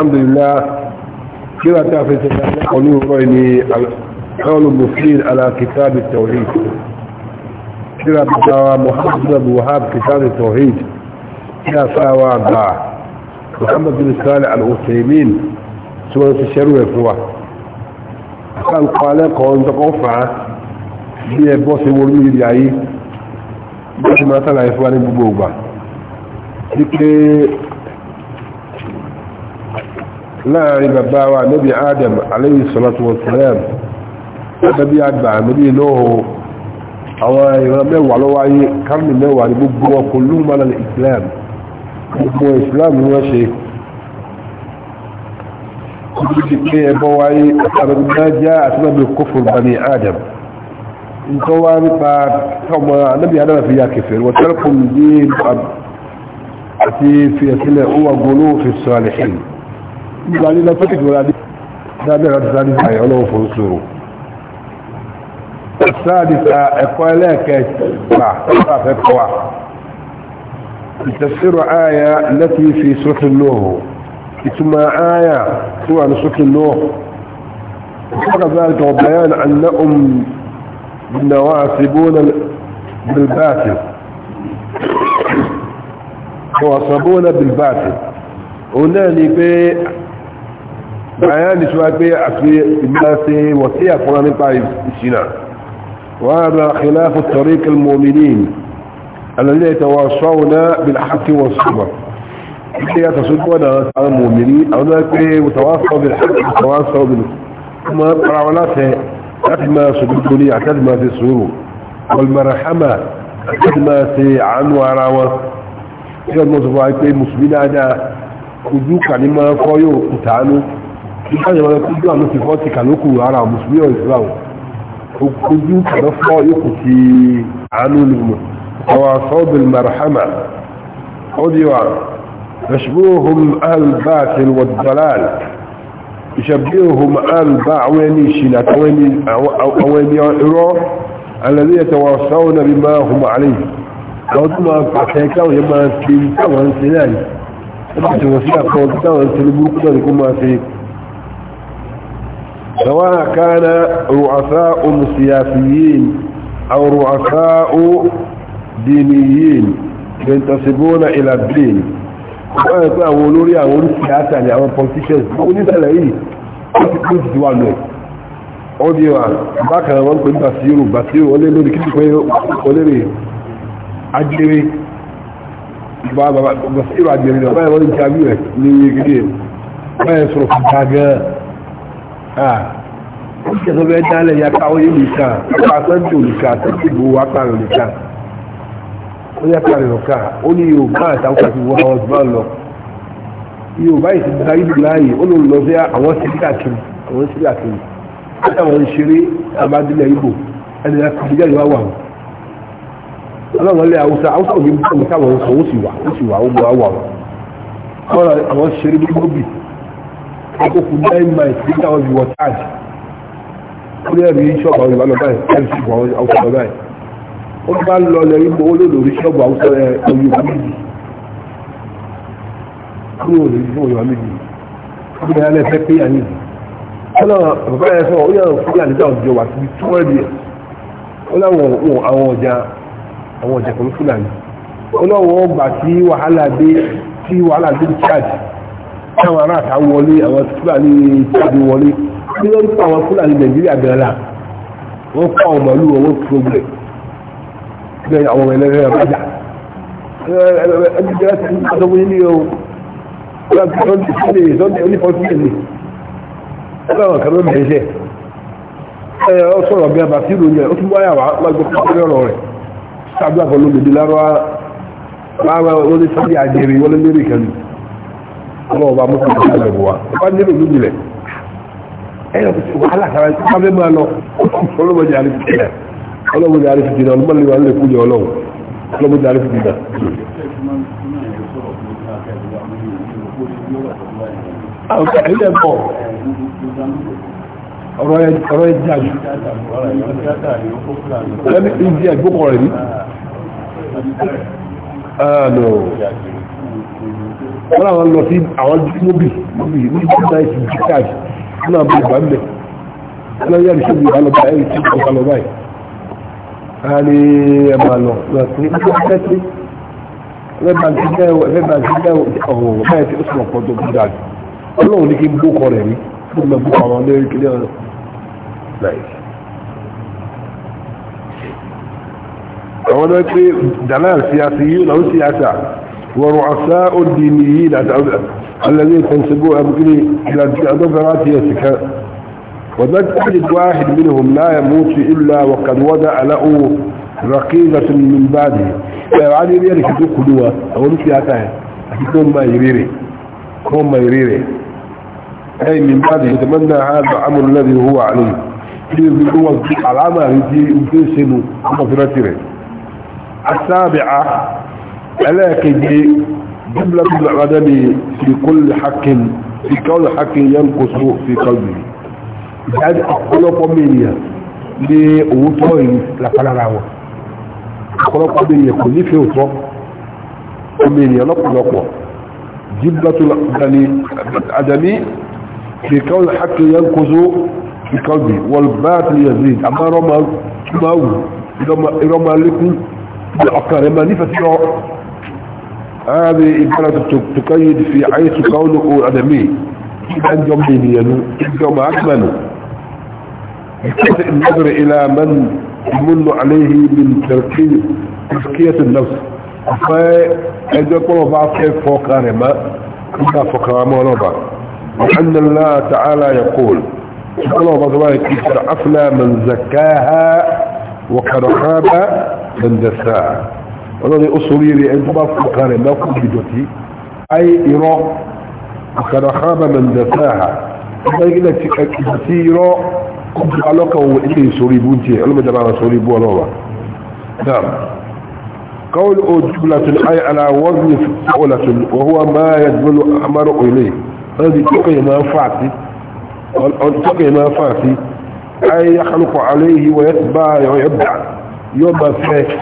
alhamdulillah kí wà tí a fi ṣe ṣàkóní ọ̀rọ̀ ni alhawlu mufid ala kitab tawhid kí wà tí a muhammad abu wahab kitab tawhid kí a fa wa ba muhammad bin salih al-usaimin tí wọ́n ti ṣẹ́rù ẹ̀ fún wa a kan kọ́ alẹ́kọ̀ọ́ tọ́kọ́ fà bí ẹ bọ́ sí wọ́n ní gbogbo ìgbà láàrin bàbá wa nabi adam alayhi salatu wa salam nabi àgbà nabi lóhùn àwọn ìran mẹ́wàá ló wáyé kárùn mẹ́wàá ní gbogbo ọkùnrin mọ́lá islam gbogbo islam ni wọ́n ṣe kúrò ti pé ẹbọ wáyé àtàrà já àti nàbí kófòrò bani adam nǹkan wá nípa tọmọ anábì adam fi ya kẹfẹ wọ́n tẹ́lẹ̀kùn dé àti fi ẹ̀sílẹ̀ ó wà gbóló fi sọ àlẹ́hìn يعني لا فتك ولا دي دابي غد ثاني هاي علوه فنصوره السادسة اقوالي كيف صح تفسير آية التي في سورة النوه ثم آية سوى عن سورة النوه وفق ذلك وبيان أنهم نواصبون بالباطل نواصبون بالباطل هنا نبي بيان شوية عفية الناس وسيع قرآن طائف الشناع وهذا خلاف طريق المؤمنين الذين يتواصون بالحق والصبر الذين تصدقون على المؤمنين أو ذلك وتواصوا بالحق وتواصوا بال ثم قراولاته أدمى صدقني أكدمى في السرور والمرحمة في إذا ما ìfáyọ̀ wọn kó jùlọ lóṣù fọ́ ti kàlókù ara mùsùlùmí o ojú fọ́ àánú marhama ó di wa يشبههم أنباع ويني شنات ويني إرو الذي يتواصون بما هم عليه لو ما فاتيكا ويما سيكا وانسلاني فاتيكا وانسلاني فاتيكا وانسلاني فاتيكا وانسلاني سواء كان رؤساء سياسيين أو رؤساء دينيين ينتسبون إلى الدين wọ́n ẹ̀kọ́ àwọn olórí àwọn orísìíyàtà ni àwọn politicians wọ́n ní ìtàlẹ̀ yìí wọ́n ti kó ìsìdí wà lọ ọdí wà bákan wọn pẹ̀lú basiru basiru wọlé lórí kí pé olérè ajere basiru ajere ni ọ̀bá ẹ̀wọ́n ní ìjàmí rẹ̀ ní ìgbìyànjú báyẹ̀ sọ̀rọ̀ fún Ah. ó jẹ́ tó fẹ́ dálẹ̀ ya káwọ́ yìí nìkan ọkọ̀ àtọ́jú nìkan àtọ́jú ìbò wa pààrọ̀ nìkan ó yẹ pààrọ̀ nìkan ó ní yorùbá àtàwọn àti wọn àwọn ọ̀dùnmá lọ yorùbá yìí ti gba ìlú láàyè ó ló lọ sí àwọn síríà kiri àwọn síríà kiri látàwọn ìṣeré àbádílẹ̀ ìbò ẹni láti fi jáde wá wà wọn ọlọ́run ilẹ̀ haúsá haúsá òbí bí wọn táwọn sọ ó sì wà ó sì wà ó gbọ́ wà wọn àwọn ìṣeré bí gbóbi ẹgbẹ́ fún nine miles three thousand wọ charge ó lé ẹ̀rí ṣọ́ọ̀bù àwọn ìbálò báyìí ẹ̀rí ṣọ́ọ̀bù àwọn àwùjọ báyìí ó bá ń lọ lẹ́yìn pé ó lè lórí ṣọ́ọ̀bù àwùjọ Yorùbá méjì ó lè lórí ṣọ́ọ̀bù Yorùbá méjì ó lè alẹ́ fẹ́ pé àyè ọ̀nà bàbá yẹn sọ ó yàrá fún yàrá àwùjọ wà síbi two hundred years ó láwọn àwọn ọjà àwọn ọjà pẹ̀lú Fúlàní ó láwọn ọgbà tí wàhálà dé tí wàhálà dé charge táwọn ará àtà wọlé àwọn fúlàní tàbí wọlé tí wọ́n pa àwọn fúlàní nàìjíríà gan la wọ́n pa àwọn màálù wọn tó gbẹ bẹ́ẹ̀ àwọn ọmọ ẹlẹ́rẹ́ ọ̀bájà ẹgbẹ́ ti ń sọ fún yín ní o wọ́n ti sọ ní sílẹ̀ sọ́dẹ̀ onífọ́sí ẹ̀mí ẹgbẹ́ àwọn kan mẹ́rin ṣe ẹ ọ sọ̀rọ̀ bí abà tí ìròyìn ó tún wáyà wá lágbó pàtẹ́rẹ́ ọ̀rọ̀ rẹ̀ sábà pẹ̀lú òdòdó lárọ́ wọ́n ní sábà àjẹrè wọ́n ní mẹ́rin kan nù ọlọ́wọ́ bá mọ́tò ìgbà lẹ́rù wa wá nílò lójú rẹ̀ ẹ̀yọ̀ kò sí wàhálà kára tí wọ́n fẹ́ máa lọ ọlọ́mọdé àrífìdínà ọlọ́mọdé àrífìdínà ọlọ́mọdé àrífìdínà ọlọ́mọdé àrífìdínà ilé ẹ̀kọ́ ọ̀rọ̀ ẹja jù ẹni ìdí ẹ̀gbọ́kọ̀ rẹ̀ ní ààrùn ah, wọ́n àwọn lọ sí àwọn mọ́bì mọ́bì ní ìdáìsì jíkáàjì wọ́n àwọn ìgbà ń bẹ̀ wọ́n àwọn yàrá ìṣòwò ìbálòpá ẹ̀rí tí wọ́n kà lọ báyìí a ní ẹ̀bà lọ lọ́sí ẹ̀kẹ́tì ẹ̀bà ti dẹ́wọ̀ ẹ̀bà ti dẹ́wọ̀ ọ̀wọ̀ báyìí tí ó sọ̀rọ̀ pọ̀ tó gbúdà jù ọlọ́run ní kí n àwọn ọlọ́run pé dàlá sí àṣeyí lọ́wọ́ sí àṣà ورؤساء الدينيين الذين تنسبوها بكلي إلى الدفرات يسكا وذلك واحد منهم لا يموت إلا وقد وضع له رقيبة من بعده يعني يريد كتو قدوة أو نسي أتاه كون ما يريري كون ما يريري أي من بعده يتمنى هذا الأمر الذي هو عليه في هو العمل يجي يجي سنو مفرتره السابعة ولكن جملة العدم في كل حق في كل حق ينقص في قلبه. بعد أقول قميني لأوتوه لفلا راوة أقول قميني كل في أوتوه قميني لقو لقو جملة العدم في كل حق ينقص في قلبه والباطل يزيد أما رمى كما هو إذا ما لكم بأقار ما نفسه هذه إبارة تقيد في حيث قوله أدمي أن يمين ينو يوم أكمل النظر إلى من يمن عليه من تزكية النفس فإذا قلوا بعض كيف فوق أرماء كما فوق أرماء وأن الله تعالى يقول قالوا بعض كيف أفلى من زكاها وكرخاب من دساها ولدي أصولي لي أنت بقى هناك القارئ ما كنت بجوتي أي إراء وكان خاب من دفاها إذا إذا تكتبتي إراء كنت علاقة وإني سوري بونتي علم جماعة سوري بوا لولا نعم قول جملة الآية على وزن فعولة وهو ما يدمل أمر إليه هذه تقي ما فاتي تقي ما فاتي أي يخلق عليه ويتبع ويبع يوم ما فاتي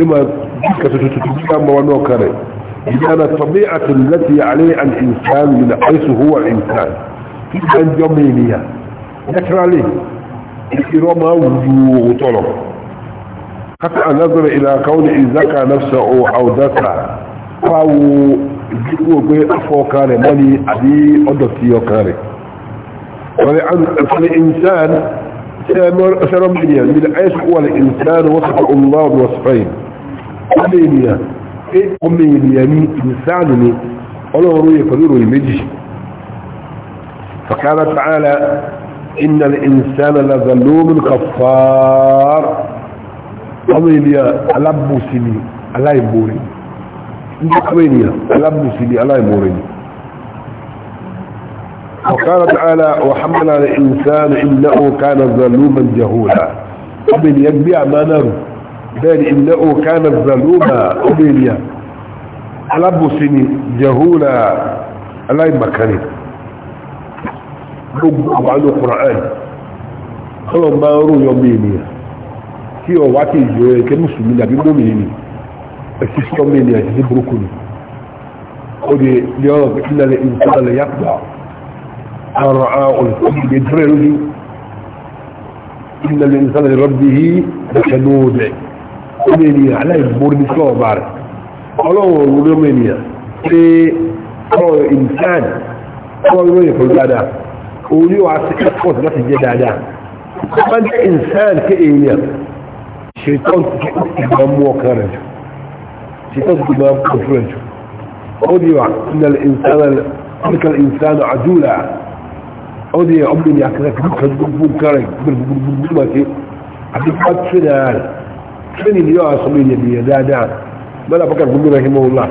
لما جيكة تتجيكا موانوكا ري لأن الطبيعة التي عليه الإنسان من حيث هو إنسان كان جميلية ذكر عليه الإرامة وطلب حتى نظر إلى كون إذاك نفسه أو ذاته أو جيكو بي أفوكا ري ماني أدي أدوكيوكا ري فالإنسان سيرم من حيث هو الإنسان وصف الله وصفين ọmọ ènìyàn pé ọmọ ènìyàn ní ìsáàlù ni ọlọ́run yẹ pẹ̀lú ìròyìn méjì fàkàrà tààlà iná ìsáàlù lọ́gbà lóòmù kàfàár ọmọ ènìyàn alábùsí ni aláìmoore ní ọmọ ènìyàn alábùsí ni aláìmoore ni وقال تعالى وحمل على الإنسان إنه كان ظلوما جهولا ومن يجبع ما نرد بل إنه كان الظلوم أبيليا ألب سن جهولا ألا يمكن ان أبعاد القرآن هو ما يرو يوميني في وقت الجوية كمسلمين لكي مؤمنيني أسيس يوميني أسيس بروكوني ودي اليوم إلا لإنسان ليقضع أن رأى والكم يدري له إلا لربه لكنودعي ọmọ ènìyàn aláìmórí ní sọ́ọ̀ bá rẹ̀ ọlọ́run òwúrọ̀ ọmọ ènìyàn pé ọ̀rọ̀ ìnìyàn ọlọ́run ìròyìn pẹ̀lú dáadáa òun yóò wá sí effort láti jẹ́ dáadáa ọmọ jẹ́ ìnìyàn ké èèyàn ṣètọ́n ti ìgbà mú ọkàn rẹ̀ jù ṣètọ́n ti ìgbà mú ọkàn rẹ̀ jù ó di wà nílẹ̀ ìnìyàn àjúlà ó di ọmọ ènìyàn kẹrẹ kẹrẹ gbogbo kẹrẹ gbogbo gbogbo àti pàtó náà kíni ni yóò asọ́mọ́ ènìyàn ènìyàn dáadáa mọ́lá bọ́kà gbogbo rahimu Allah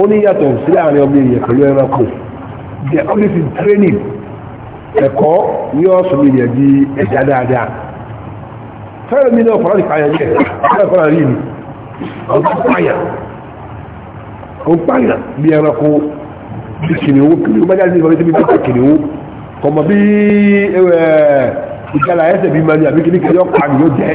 ó ní yàtọ̀ sí láàrin ọmọ ènìyàn pẹ̀lú ẹranko the only thing training ẹ̀kọ́ ni yóò asọ́mọ́ ènìyàn di ẹ̀dá dáadáa fẹ́rẹ̀ mi náà fọ́nrán ìpààyàn jẹ́ fẹ́rẹ̀ fọ́nrán rí ni ọ̀gbọ́n pààyàn ó pààyàn bí ẹranko bí kìnìún kìnìún bájá ní ìfọwọ́sí bí kìnìún kọ̀mọ̀ bí ìjàlá ẹsẹ̀ bí mani àbí kìnìún kìnìún ọ̀pààyàn yóò jẹ́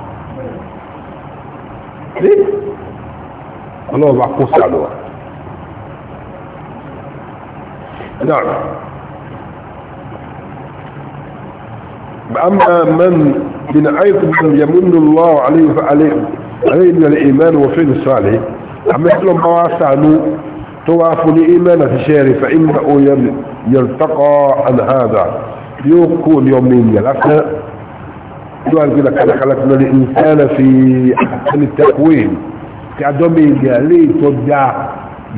sí ọlọ́run bá kó sàlù wa náà أما من من عيط من يمن الله عليه فعليه عليه من الإيمان وفعل الصالح أما ما مواسعنه تواف لإيمان في شهر فإنه يلتقى عن هذا يكون يومين يلقى يقول كده كده خلقنا الانسان في احسن التقويم كعدومي ليه تودع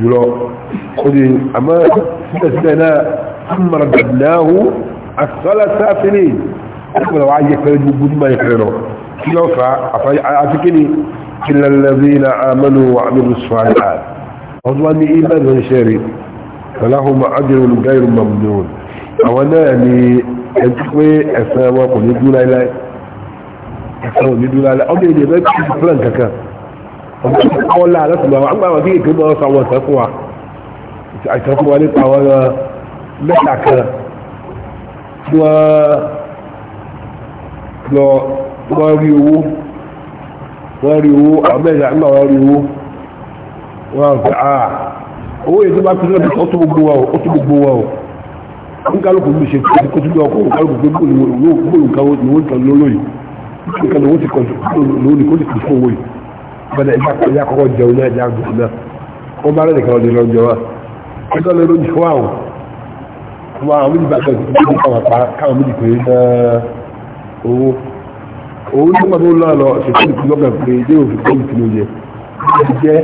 يقول خذي اما استثناء ثم رددناه اكثر سافلين اما لو عايز يكفر يجيب ما يكفره لو فا افكني الا الذين امنوا وعملوا الصالحات اظن ايمان شريف فلهم اجر غير ممنون اولا يعني، انت اخوي اسامه قل يقول لا اله ẹ̀sán òní dúró alẹ́ ọmọ èdè bẹ́ẹ̀ tí ó fúlẹ̀ kankan ọmọ tó kọ́ la láti máa ń gbà wọn kéèké mọ́ ọ̀sán wọn sẹ́kù wa àìsàn wa nípa àwọn uh, mẹ́ta kan tí wọ́n rí owó wọ́n rí owó àwọn mẹ́ta ń rí owó wọ́n á fẹ́ owó yìí bá pín lọ́dún ó tún gbogbo wa ó tún gbogbo wa o ń kálukú ṣe kó tún bí ọkọ̀ òkálukú gbé bóòlù kan lólóyìí nǹkan lówó ti kọjú lónìí kó lè fi fún owó yìí bẹ́ẹ̀ ẹja kọ́ ẹja kọ́kọ́ jẹun náà ẹja gbèsè náà wọ́n bá rẹ̀ nìkan ọ̀dẹ̀ lọ́jọ́ wa ẹjọ́ lè lójú fún àwọn àwọn àwọn méjì bá kẹ́ ẹ̀sìn káwọn pa káwọn méjì pé ná owó owó tó máa tó lọ́ lọ ṣètò ìpín lọ́gà pé ilé òfin kọ́ ìpín ló yẹ ti jẹ́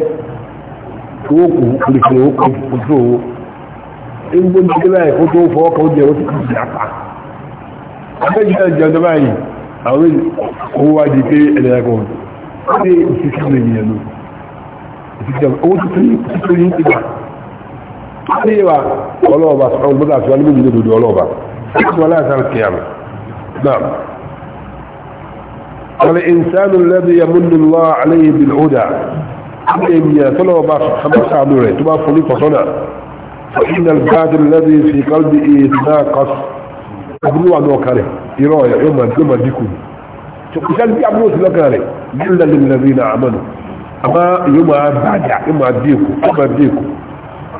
owó kù olùkọ́ owó kù ojú owó ewu gbóngbó láì kó tó fọwọ́ kan jẹ́ ó ti kú sí apá àwọn owó wá di pé ẹlẹ́gbọ́n ní ìsìnkú ènìyàn ló ìsìnkú owó tuntun yìí ti gbà ní ìwà ọlọ́ọ̀bà sọ́rọ̀ gbọ́dọ̀ àti wọn níbi ìdòdó ọlọ́ọ̀bà ṣíkú aláìsàn kìíyàmù náà wọlé ìsánù lẹ́bí yamúnilọ́ aléyé bí lóòdà ní ènìyàn tọ́lọ́ọ̀bà sọ́rọ̀ rẹ̀ tó bá fún ní kọ̀sọ́nà فإن البادر الذي في قلبه ناقص àbúrò wà ní ọkàn rẹ̀ irọ́ rẹ̀ yóò máa gbé máa dínkù ni ìṣẹ́ni bí àbúrò sí lọ́kàn rẹ̀ yóò lẹ́lẹ́ lẹ́rìí náà àmọ́nù àmọ́ yóò máa bàjá yóò máa dínkù yóò máa dínkù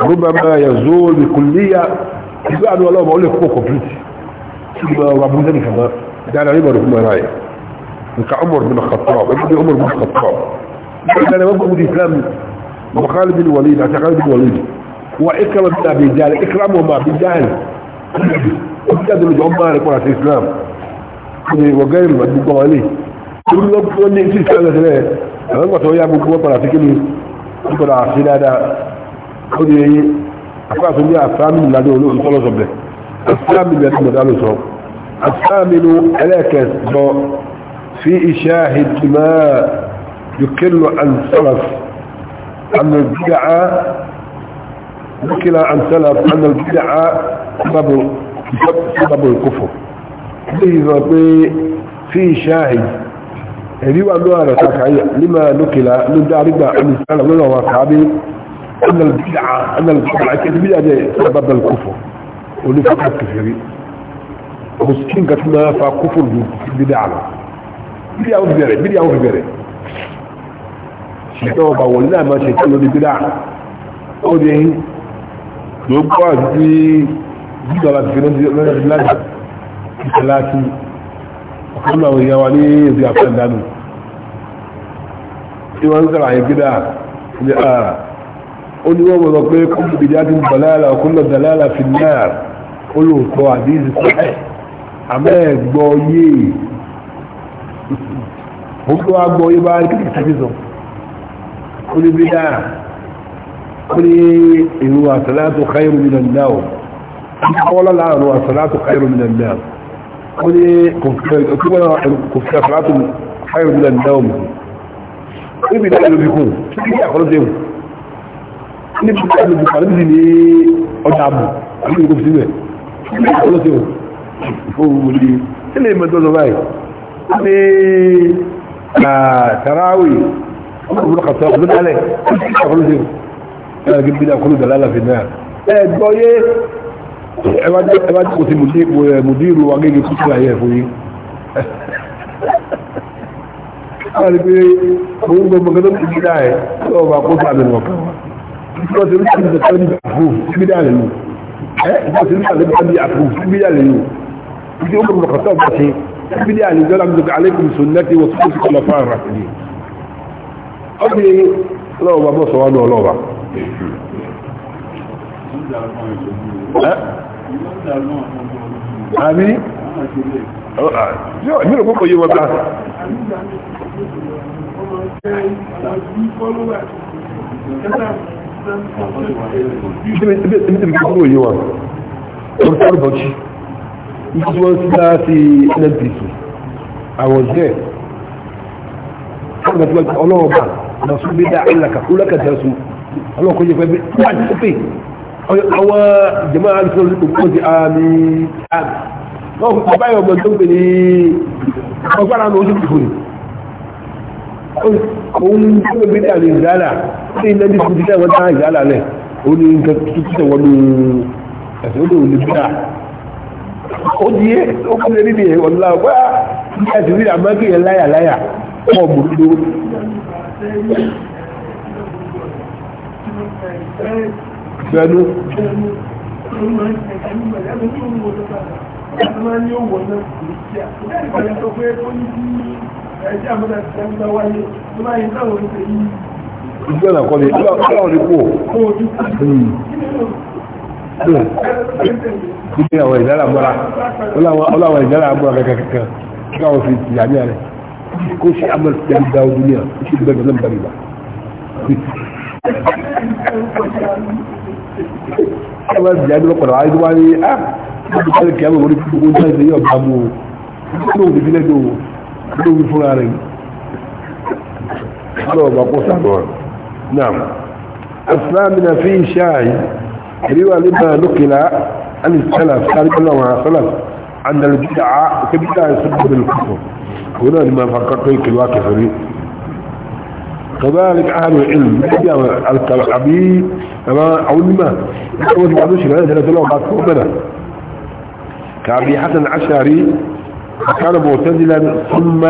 àbúrò máa yẹ zóò lè kò níyà ìgbé àánú ọlọ́mọ ó lè kó kọ̀pìlìtì tí mo wà bú sẹ́ni kàmá dáadáa ní ìbọ̀dọ̀ fún mara yẹ nka Umar bin Khattab ẹgbẹ́ bí Umar bin Khattab ìgbàlẹ̀ wọn gbogbo Islam Khalid bin Walid àti Khalid bin Walid wa Ikram bin Abi Jahl Ikram wọn ma Abi Jahl ìjáde lójú ọmọ rẹ̀ padà sí islam ní wọ̀gá ìrìn àdúgbò wọn lè torí wọ́n ní sí islam lẹ́sẹ̀lẹ̀ àwọn ìgbà tó yá gbogbo wọn padà sí kíni wọ́n padà sí dáadáa ó di eyín àfáà tó ní àfáàmì ìlànà olóòtú tọ́lọ́sọ̀ bẹ̀ àfáàmì ìlànà ìmọ̀dá ló sọ àfáàmì ló ẹlẹ́ẹ̀kẹsọ fi iṣẹ́ ìtìmá yòkèlò àǹsọ́lọ́f àmì ìgbìyà عن سلف أن البدعة سبب sábàbò ìkófò léyìí sọ pé fi ṣáàhì ẹ̀rí wà lóra rẹ̀ sàkàyà lima lókèlá ló dá arígbà olùsọ́lá lọ́nà wà káàbí annalbíyà kẹtí bíyà jẹ́ sábàbò ìkófò olùfọ́kà kẹfẹ́rí òsìkí nǹkan tí máa fa kófò ju bídà àlọ́ bídà ó fi bẹ̀rẹ̀ dídọ̀lá ti fi lọ́jọ́ ìlàjà ìtẹ̀láti ọ̀kan àwọn èèyàn wa ní èdè àpàdánù tí wọ́n ń sọ̀rọ̀ àyè gídà ní ara ó ní wọ́n mọ̀ pé kọ́mù bìdí á ti ń bọ̀láàlà ọ̀kúnlọ̀ dàláàlà fi náà ó lò tọ́ àdízi sọ́ẹ̀ àmẹ́ẹ̀gbọ́ yé ó tó wá gbọ́ yé bá rí kìkì tàbí sọ ó ní bídà ó ní èrò àtàlátò káyọ̀ mi lọ́nà náà قال لا هو الصلاة خير من النوم قولي كفر صلاة خير من النوم ibi ìdájọ́ bí kún kí àkọ́lọ́ dẹ̀wò ní bí i àlùbùkà níbi ní ọjà àbù àbúrò ìgbò sílẹ̀ kí àkọ́lọ́ dẹ̀wò fóòwò ní sílẹ̀ mẹ́tọ́lọ báyìí ní àtàráwì ọmọkùnrin kàtọ́ ọdún alẹ́ kí àkọ́lọ́ dẹ̀wò ẹwà tí kò sí mùdírù agége kú sílá yẹ fún yí àwọn ni pé òun gbogbo gẹ́gẹ́ tó gbídá ẹ̀ tó ọba kó sí àmì ọ̀kan wá ìfọ́ sí ríṣà lè tẹ́lẹ̀ ní àpòf gbídá rẹ̀ lò ẹ́ ìfọ́ sí ríṣà lè tẹ́lẹ̀ ní àpòf gbídá rẹ̀ àmì yóò kókò yí wọ́n bá kókò yí wọ́n dr bauchi it was láti nnpc i was there ọlọ́ọ̀bà lọ sí bí dáa ìlàkà kúlọ́kà tẹ̀sùn ọlọ́ọ̀kọ́ yẹ pẹ́ bí wọ́n ti pè àwọn jẹmọ́ alùsọ́ olùkọ́ ti àmì àmì wọ́n kò bá yọ̀ mọ̀tò pé ní ọgbára ní oṣù kìfò òun tó gbé dà ní ìzálà tí iná ní kùtù tẹ́ wọ́n tán ìzálà lẹ̀ ó ní nǹkan tuntun tẹ́ wọ́n ní ẹ̀sẹ̀ ó lè òní bí dà ó di yé ó kú lé nídìí ẹ̀wọ̀n ńlá wá ní ẹ̀sìn rí àmọ́kì yẹn láyà láyà pọ̀ mú lóró bẹnu ìgbẹ́ náà kọ́ ni ọlọ́run ní kú ò hmm. ìgbẹ́ hmm. àwọn ìdára mọ́ra ọlọ́run ìdára mọ́ra kẹ́kẹ́kẹ́ káwọn fi ti àmì rẹ̀ kó ṣe àmọ́ ti àmì dáwọ́ dúnìyà ó ṣe bẹ̀rẹ̀ lọ́nà bẹ̀rẹ̀ bá ẹgbẹ́ ìjẹ́ ìjọba pẹ̀lú àwọn ìjọba ní á ìjọba pẹ̀lú kí á mọ̀ orí gbogbo ní àìsàn yóò bá mú o ní òfin fílẹ̀ tó ló wí fúnra rẹ̀ lọ́wọ́ bá kó sàbọ̀ náà asìlámìnà fi ṣáàyí ìríwà nígbà lókèlá an salaf sáré wa salaf an dalbida a kabita sabbin kufur wannan ma fakar kai kilwa kafari كذلك أهل العلم يجب الكعبي أما علماء يقول بعض الشيء هذا ثلاثة لغة كان كعبي حسن عشاري كان معتزلا ثم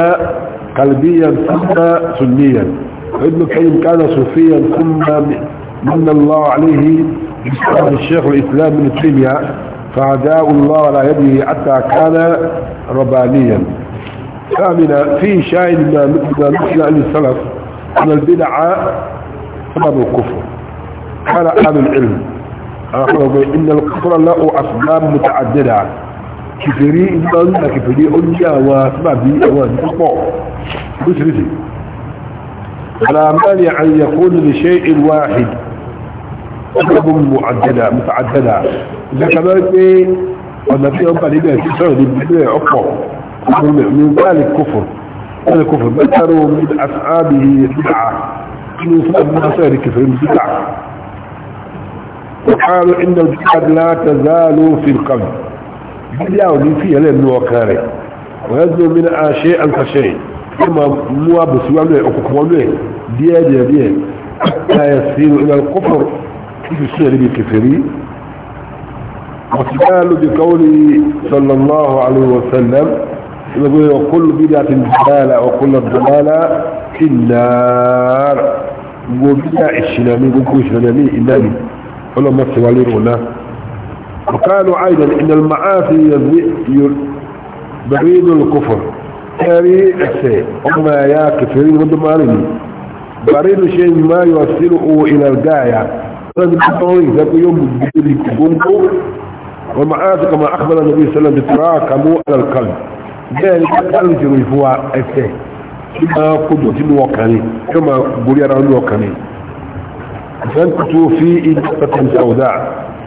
قلبيا ثم سنيا ابن القيم كان صوفيا ثم من الله عليه بسبب الشيخ الإسلام من تيمية فعداء الله على يده حتى كان ربانيا ثامنا فيه شاهد ما مثل السلف أن البدعة سبب الكفر قال أهل العلم إن الكفر له أسباب متعددة كفري إنسان كفري أنجا وأسباب ونصبع مسرسي على مالي أن يكون لشيء واحد سبب معددة متعددة إذا كذلك ونبيهم قال إذا كفر من ذلك كفر هذا كفر من أصحابه بدعة كانوا يسمى أثار كفر بدعة وقالوا إن الجهاد لا تزال في القلب بدعة ولي فيها لأنه وكاره ويزل منها شيئا فشيء كما موابس وعليه وكفوانيه ديه ديه ديه حتى يسير إلى الكفر كيف الشعر بالكفري وقالوا بقوله صلى الله عليه وسلم يقول وكل بدعة ضلالة وكل ضلالة في النار وبدع الشلامي يقول الشنامي إنامي ولا ما سوالي رونا وقالوا أيضا إن المعافي بريد الكفر تاري أسي أما يا كفرين من دمارين بريد شيء ما يوصله إلى الغاية هذا الطريق ذاك يوم بريد الكفر ومعافي كما أخبر النبي صلى الله عليه وسلم بتراكمه على القلب bẹ́ẹ̀ ni káàlù jùlọ ìfún wa ẹsẹ̀ tí máa kójọ sínú ọkàn ni tí ó máa borí ara nínú ọkàn ni ìfẹ́n tó fi ìjọ pẹ̀tẹ̀ ìṣàwọ̀dá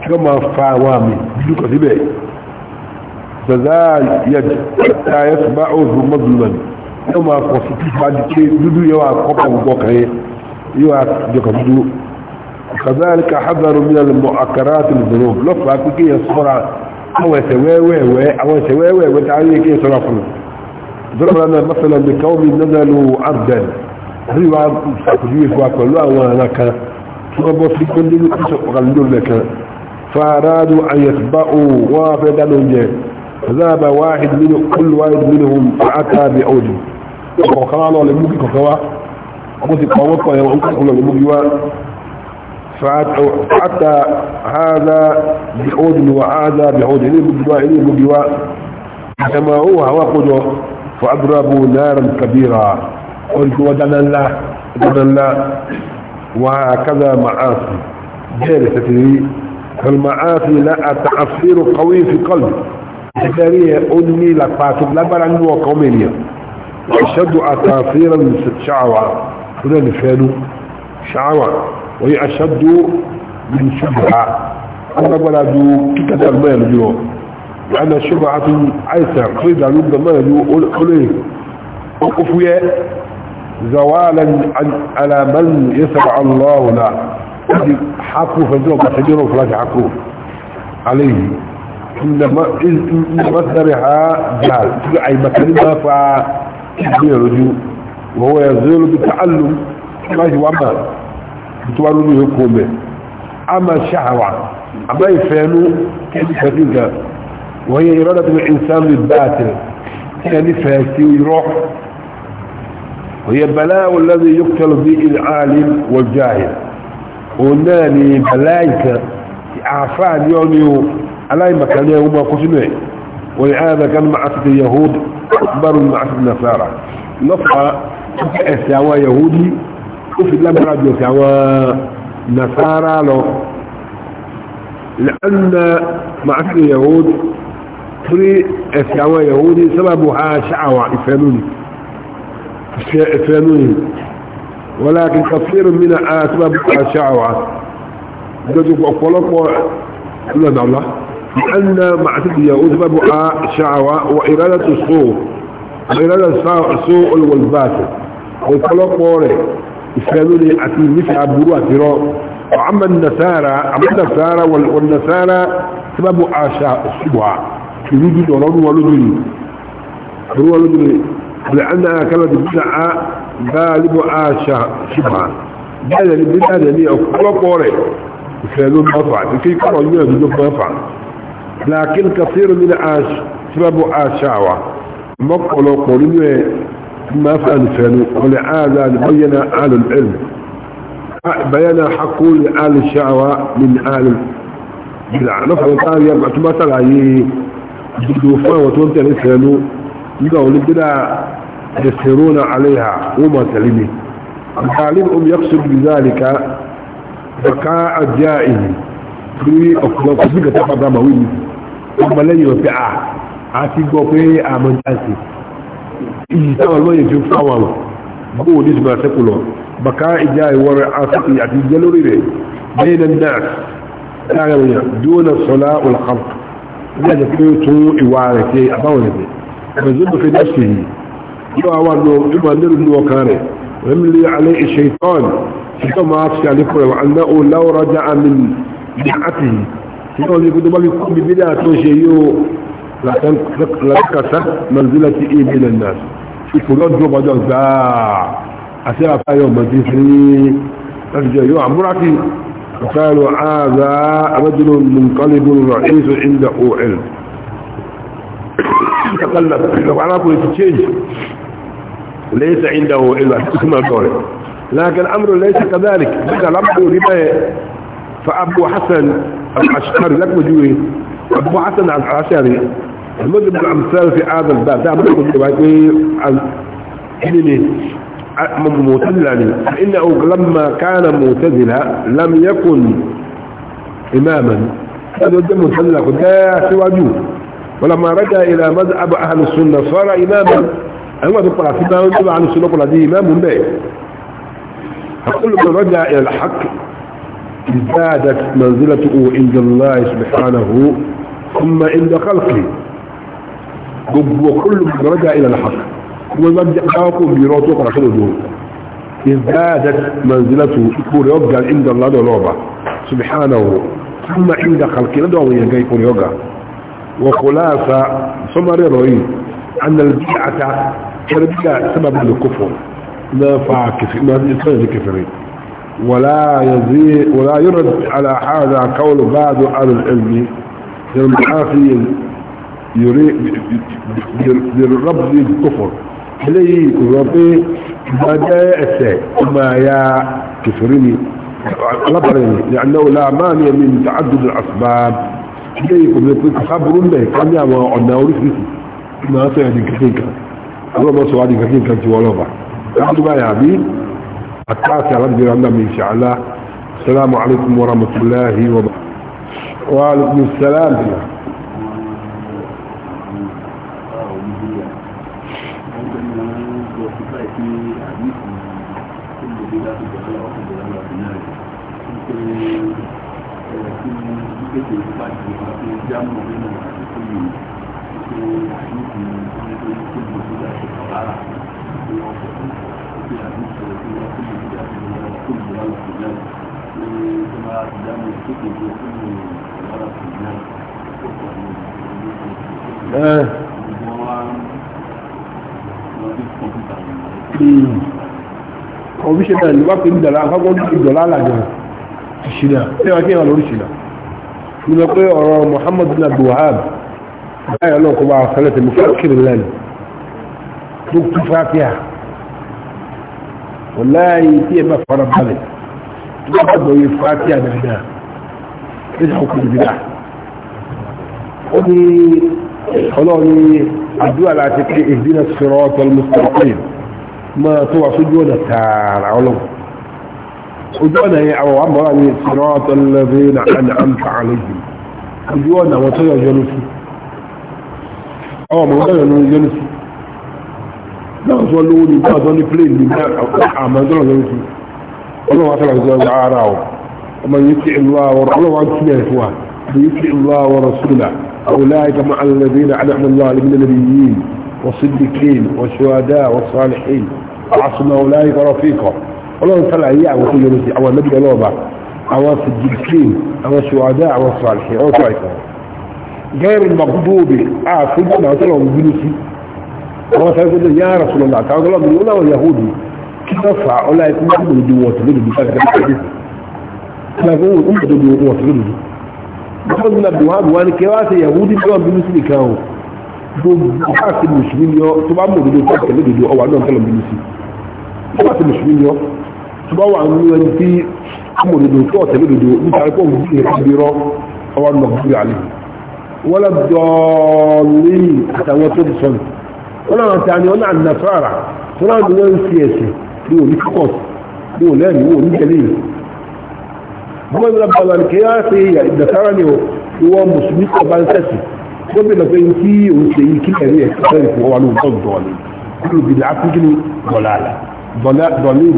tí ó máa fa àwọn àmì dúdú kan síbẹ̀ bẹ̀zá yẹjù tá yẹ tó bá òòrùn mọ́dúnlọ ni tí máa pọ̀ sí tí fa di pé dúdú yẹ wà kọ́pà àwọn ẹ̀ṣẹ̀ wẹ́wẹ́wẹ́ tí a rí kí sọ́ra fún ìjọba náà mọ́sánà bí káwọ́mí nọ́dọ̀lù abdel rí wa sàkójú ìfọ́ pẹ̀lú àwọn ará kan tí wọ́n bọ́ sí kóndínú kíṣọ̀ ọ̀kàlùdó lẹ́kan حتى هذا بعود وهذا بعود إليه بجواء إليه بجواء كما هو هو فأضربوا نارا كبيرة قلت ودنا الله ودنا الله وهكذا معاصي ستري فالمعاصي لا تعصير قوي في قلبي تكاريه أني لقاتب لا بل أنه قومينيا أشد أتاثيرا شعوى هنا نفعله شعوى وهي أشد من شبعة أنا بلا جو كتاب ما يلجو لأن الشبعة أيسر قيد علوم ما يلجو قليه وقفوا زوالا على من يسرع الله له حقو فجروا بحجروا فلا حقو عليه إن مصدرها جال أي مكلمة فهي رجوع وهو يزول بتعلم ما هو عمال tó wá lórí ìhókò mẹ́ a máa ṣàwà àbá ìfẹ́nú kẹ́lì ṣàfihàn wọ́n yẹ ìrọ́dà tó wọ́n ìsán lè bá àtẹ̀ kí ẹni fẹ́ sí irọ́ وهي بلاء الذي يقتل به العالم والجاهل وناني بلايك عفان يونيو على مكانه وما قسمه ولهذا كان معصد اليهود أكبر من معصد النصارى نصر يهودي ó fi lágbára jù sí àwọn nasara lọ lẹ́nà màáfi yahood torí ẹ̀sìn àwọn yahood sábàbù ha ṣáàwà ìfẹ́nu ni ìfẹ́nu ni ولكن كثير من أسباب الشعوة جدك أقولك لا الله لأن معتد اليهود بابها شعوة وإرادة السوء وإرادة السوء والباطل ويقولك يسألوني عتيم مثل عبدالله عتيرا وعما النسارة عما النسارة والنسارة سبب عشاء الشبهة يريد ولون ولدني ولدني لأنها كانت بدعة غالب عشاء الشبهة هذا البدعة جميع كل قوري يسألون مطعم لكي قرأوا يجدون مطعم لكن كثير من عاش سبب عشاوة مقلو قولي ما في فعله ولعاذا بين آل العلم بين حق لأهل الشعوى من أهل بالعلم فقال يا معتمات العيه بالدوفان وتونت الإسلام يقول لبدا يسهرون عليها وما سلمي أم يقصد بذلك بقاء جائز في أخلاق بك تقدم وين ثم لن يبعه àti gbọ́ pé àmọ́jáṣe ìyíkáwà lọ́yẹ̀ tí ó fáwà lọ bó ní ṣùgbà sẹ́kù lọ bàká ìjà ìwọ̀rẹ̀ asẹ́kù àti ìjẹ́ lórí rẹ̀ bẹ́ẹ̀ na náà láàrin òyìn dúnà sọlá olùkàm ní àjẹ́ pé ó tún ìwà rẹ̀ ṣe àbáwọn rẹ̀ ẹ̀zọ́ tó fi dá sí yìí yóò wà lọ ìmọ̀ lérò ní ọkàn rẹ̀ wọ́n mi lé alẹ́ ìṣe ìtọ́n ṣùgbọ́n máa fi àlékún rẹ̀ wọ́n náà ó láwọ́ rájá àmì ní àti ṣùgbọ́n ní kúndé bá mi kú mi bí dáa tó ṣe yóò làkàtà manzilati ibi lẹ́nà ipò lọ́dún ọmọdé gbáà àti àfáyọ̀ ọmọdé sí láti وقالوا هذا رجل منقلب رئيس عنده علم تقلب لو على كل تشينج ليس عنده علم كما قال لكن الامر ليس كذلك بدا الامر بدايه فابو حسن العشقري لك وجوه ابو حسن العشقري المدرب الامثال في هذا الباب ده ممكن تبقى حينني معتزلا يعني. فإنه لما كان معتزلا لم يكن إماما هذا ده قد سوى سواجه ولما رجع إلى مذهب أهل السنة صار إماما أما تقرأ في مذهب أهل السنة قل هذه إمام باية فكل من رجع إلى الحق ازدادت منزلته عند الله سبحانه ثم عند خلقه وكل من رجع الى الحق ومن جاءكم بيروتو قرخدو دو ازدادت منزلته يقول يوغا عند الله دولوبا سبحانه ثم عند خلق الله دولوبا يقول يوغا وخلاصة ثم رأي أن البيعة تربية سبب الكفر لا كفر ما يصير الكفر ولا يزيد ولا يرد على هذا قول بعض أهل العلم المحافي للربط الكفر إليه كفرتي ما جاء أساء وما يا كفرني لبرني لأنه لا مانع من تعدد الأسباب إليه كفرتي خبر به كان يا ما عدنا ما أطيع دي كثيرك الله ما سوى كثيرك أنت ولوبة أحد ما يعبين التاسع ربي ربنا إن شاء الله السلام عليكم ورحمة الله وبركاته وعليكم السلام ṣe láti wá pé jámù nínú àdúgbò yìí lórí ìṣìnà? محمد بن عبد الوهاب قال لكم على صلاة المفكر الليل دكتو فاتحة والله يتيع ما فرب بلد تبقى فاتحة بلدها إذا حكم البلاد قولي خلوني عدوا العتقي اهدنا الصراط المستقيم ما توع سجودة تعالى علوه ojú ọ̀nà yẹn àwọn àbọ̀wà ní sirata alladhina an'amta alayhim ojú ọ̀nà àwọn tó yọ yọnu sí àwọn ọmọ tó yọ yọnu sí náà sọ lówó ní náà sọ ní plane ní àmọ́ tó yọ yọnu sí ọlọ́run wá sọ̀rọ̀ ìjọba ara ọ̀ ọmọ yìí ti ìlú àwọn ọlọ́run wá túnbẹ̀ fún wa yìí ti ìlú àwọn rasúlà أولئك مع الذين أنعم الله عليهم من النبيين والصديقين والشهداء والصالحين وعصم أولئك رفيقا ọlọ́run sàlàyé àwọn tó yọrọ sí àwọn ẹ̀mẹ́bí ọlọ́ọ̀bà àwọn sìdìkín àwọn ṣùwádà àwọn sàlẹ̀ ọ̀tọ̀ àìsàn gẹ́rù màgbóòbè àfúgbò náà tọ́lọ̀ ń bínú sí àwọn sàrẹ́sọ́jọ́ yá ara sọ̀rọ̀ náà káwọn ọlọ́run ní láwọn yahudi kí wọ́n fa ọlá ikú wọ́n tó lòdì wọ̀tò lòdì nípa ìgbà ìgbà ìgbà ìgbà ìgbà ìgbà ìgbà tó bá wà ní ẹni tí amòdodo tó ọ̀tẹ̀lẹ̀ dodo nítorí pé òun yẹ kí bírọ́ ọwọ́ nà búrú àlè wọ́n lọ dọ̀ọ̀lì àtàwọn tó ti sọnù wọ́n náà ti àní ọ̀nà ànàfàrà tó náà ní wọ́n fi ẹ̀sìn ní òní kíkọ̀ ní òní ẹ̀mí òní tẹ̀lé yìí wọ́n ń lọ́ba ọ̀nà kí wọ́n ń kí òun ṣe yí kílẹ̀ rí ẹ̀sìn fẹ́ẹ̀ fún wa lóòótọ́ dọ̀ọ̀lì kúrò bìlà áfíríkì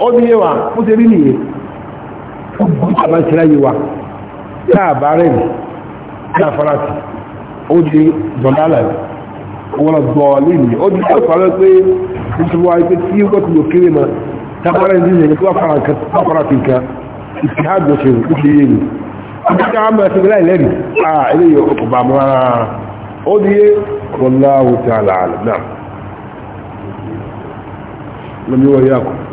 ọdún yẹ wa ó ti rí nìyẹn gbogbo ìjọba ìṣẹ́lá yìí wa tá a bá rẹ̀ ní àfarasì ó di dọ̀lálà wọn lọ gbọ́ lẹ́yìn ó di ọ̀pọ̀ àwọn pé nítorí wa pé tí ó gbọ́tù lò kéré ma ní ìṣẹ̀lẹ̀ tó wà farasì nǹkan ìṣẹ́hàdùn ṣe ó ti yé ni àbúkà àmà ìṣẹ́lẹ̀ láìlẹ́rìí àà eléyìí ọkọ̀ bàmọ́ rárá